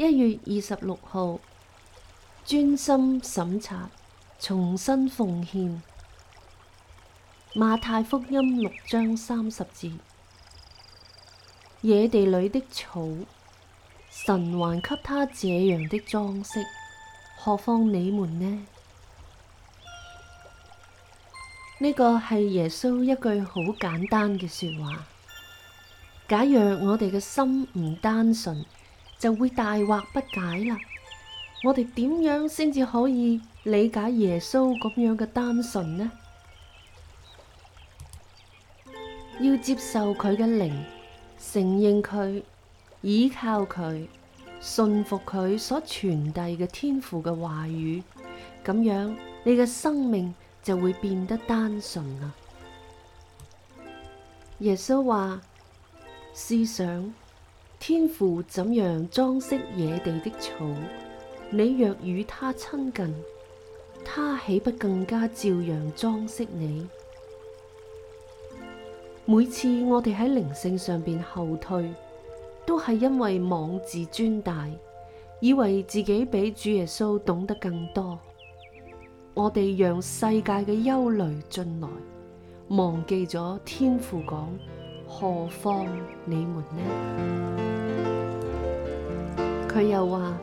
一月二十六號，專心審查，重新奉獻。馬太福音六章三十節：野地裏的草，神還給他這樣的裝飾，何況你們呢？呢個係耶穌一句好簡單嘅說話。假若我哋嘅心唔單純。就會大惑不解啦！我哋點樣先至可以理解耶穌咁樣嘅單純呢？要接受佢嘅靈，承認佢，依靠佢，信服佢所傳遞嘅天父嘅話語，咁樣你嘅生命就會變得單純啦。耶穌話：思想。天父怎樣裝飾野地的草，你若與他親近，他豈不更加照樣裝飾你？每次我哋喺靈性上邊後退，都係因為妄自尊大，以為自己比主耶穌懂得更多。我哋讓世界嘅憂慮進來，忘記咗天父講：何況你們呢？佢又話：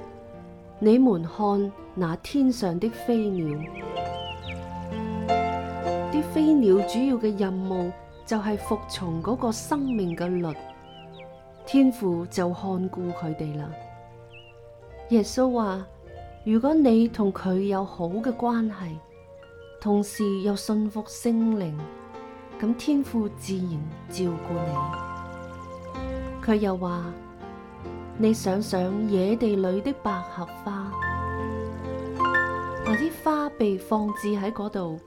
你們看那天上的飛鳥，啲飛鳥主要嘅任務就係服從嗰個生命嘅律，天父就看顧佢哋啦。耶穌話：如果你同佢有好嘅關係，同時又信服聖靈，咁天父自然照顧你。佢又話：你想想野地裏的百合花，那啲花被放置喺嗰度，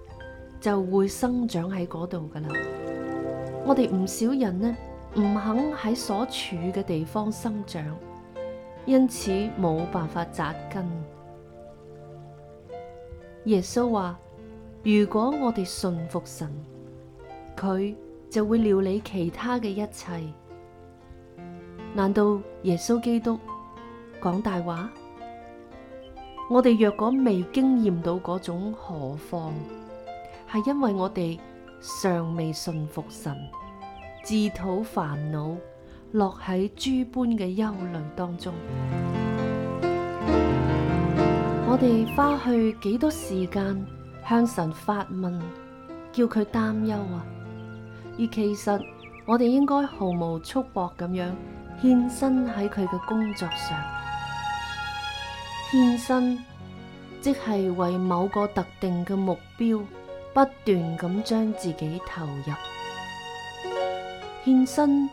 就會生長喺嗰度噶啦。我哋唔少人呢，唔肯喺所處嘅地方生長，因此冇辦法扎根。耶穌話：如果我哋信服神，佢就會料理其他嘅一切。難道耶穌基督講大話？我哋若果未經驗到嗰種何況，係因為我哋尚未順服神，自討煩惱，落喺諸般嘅憂慮當中。我哋花去幾多時間向神發問，叫佢擔憂啊？而其實我哋應該毫無束縛咁樣。獻身喺佢嘅工作上。獻身即係為某個特定嘅目標，不斷咁將自己投入。獻身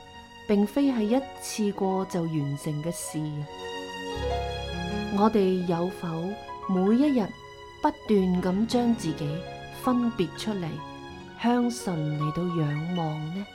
並非係一次過就完成嘅事，我哋有否每一日不斷咁將自己分別出嚟，向神嚟到仰望呢？